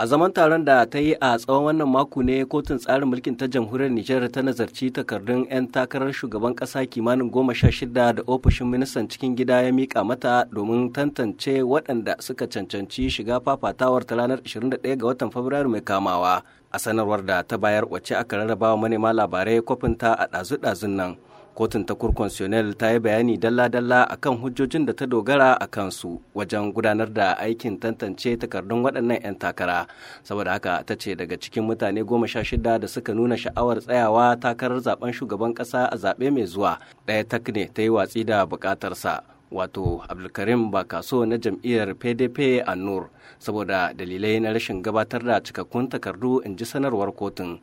A zaman taron da ta yi a tsawon wannan mako ne kotun tsarin mulkin ta jamhuriyar Nijar ta nazarci takardun 'yan takarar shugaban kasa kimanin goma sha shida da ofishin ministan cikin gida ya mika mata domin tantance waɗanda suka cancanci shiga fafatawar ta ranar 21 ga watan Fabrairu mai kamawa. A sanarwar da ta bayar wacce aka rarrabawa manema labarai ta a ɗazu-ɗazun nan. kotun ta constitutionnel ta yi bayani dalla-dalla kan hujjojin da ta dogara a kansu wajen gudanar da aikin tantance takardun waɗannan 'yan takara saboda haka ta ce daga cikin mutane goma sha shida da suka nuna sha'awar tsayawa takarar zaben shugaban ƙasa a zaɓe mai zuwa ɗaya tak ne ta yi watsi da buƙatarsa wato abdulkarim bakaso na jam'iyyar pdp a nur saboda dalilai na rashin gabatar da cikakkun takardu in ji sanarwar kotun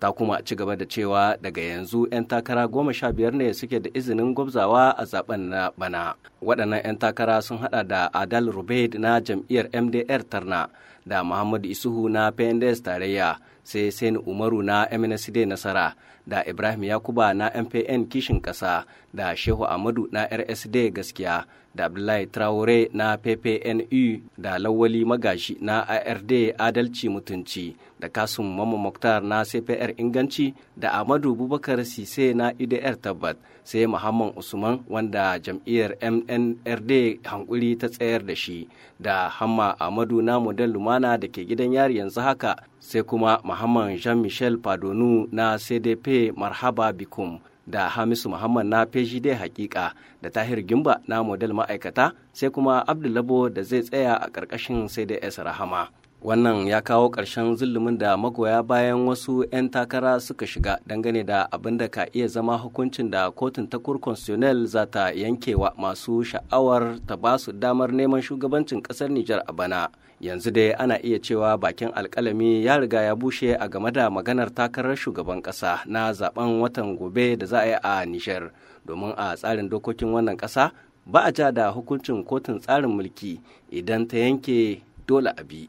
ta kuma ci gaba da cewa daga yanzu 'yan takara goma sha biyar ne suke da izinin gwabzawa a zaben na bana waɗannan 'yan takara sun hada da adal rubaid na jam'iyyar mdr tarna da muhammadu isuhu na pnds tarayya sai sani umaru na mnsd nasara da ibrahim yakuba na mpn kishin ƙasa da shehu amadu na rsd gaskiya da abdullahi traore na ppnu da lawali magashi na ard adalci mutunci da kasum mamman muktar na cpr inganci da amadu bubakar sise na idr tabbat sai muhammad usman wanda jam'iyyar mnrd hankuri ta tsayar da shi da hamma amadu na model lumana da ke gidan yari yanzu haka sai kuma muhammad jean-michel padonu na cdp marhaba bikum da hamisu muhammad na feshi dai hakika da tahir gimba na model ma'aikata sai kuma abdullabo da zai tsaya a ƙarƙashin sai dai rahama wannan ya kawo ƙarshen zulumin da magoya bayan wasu 'yan takara suka shiga dangane da abin da ka iya zama hukuncin da kotun ta constitutional za ta yankewa masu sha'awar ta ba su damar neman shugabancin ƙasar nijar a bana yanzu dai ana iya cewa bakin alkalami ya riga ya bushe a game da maganar takarar shugaban ƙasa na zaben watan gobe da za a yi a nijar domin a tsarin dokokin wannan ƙasa ba a ja da hukuncin kotun tsarin mulki idan ta yanke dole a bi